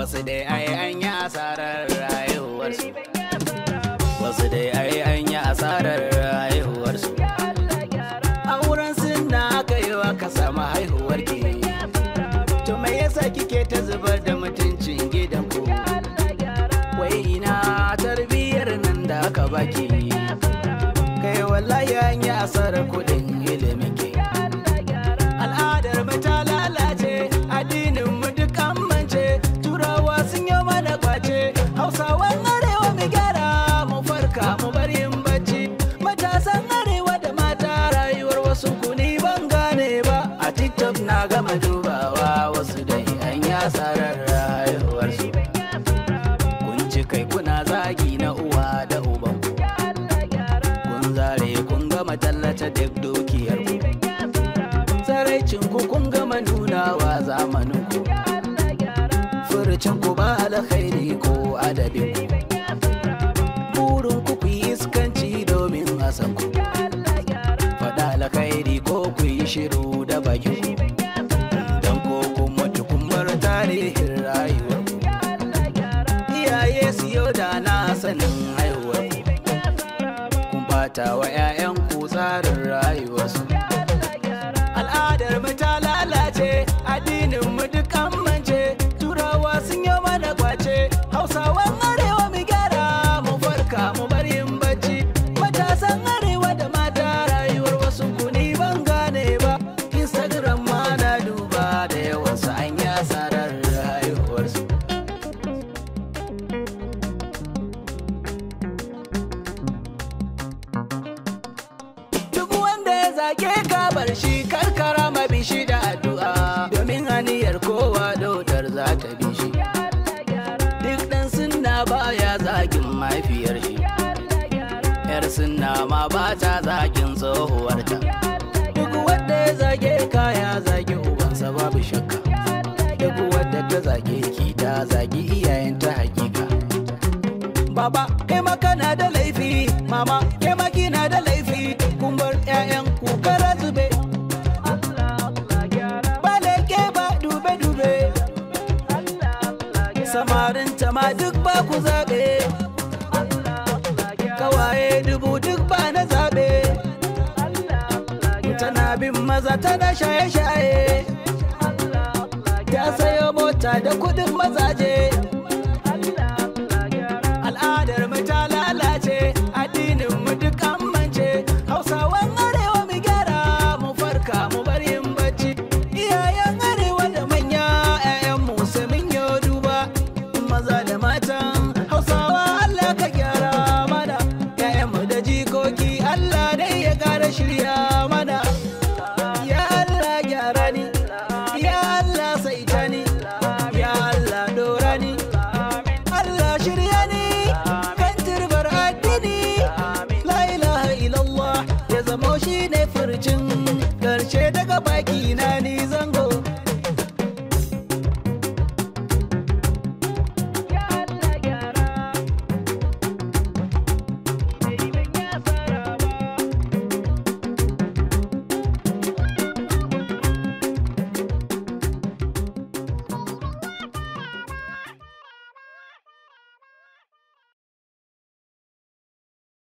wasu dai ai an yi asarar rayuwarsu wasu dai ai an yi asarar rayuwarsu a wurin sun na aka yi wa ka samu haihuwarki to me yasa kike ta zubar da wasa da rayuwarsu kun ci kai kuna zagi na uwa da uban kun zare kun gama tallata duk dukiyar ku tsaraicin ku kun gama nunawa zamanin ku furucin ku ba alkhairi ko adabin ku burin ku ku yi iskanci domin asan ku faɗa alkhairi ko ku yi shiru sanin haihuwar kun bata wa 'ya'yanku tsarin rayuwarsu ke bar shi karkara mabi shi da addu'a domin haniyar kowa daudar za ta bi shi duk dan sunna baya zagin mafiyar shi yar sunna ma ba ta zagin tsohuwarta duk wanda ya zage ka ya zage ubansa babu shakka duk wanda ta zage ki ta zagi iyayen ta hakika baba kai makana da laifi mama Dama duk ba ku zaɓe, kawaye dubu duk ba na zaɓe. Tana bin maza ta tana shaye-shaye, ta sayo mota da kuɗin baki na ni zango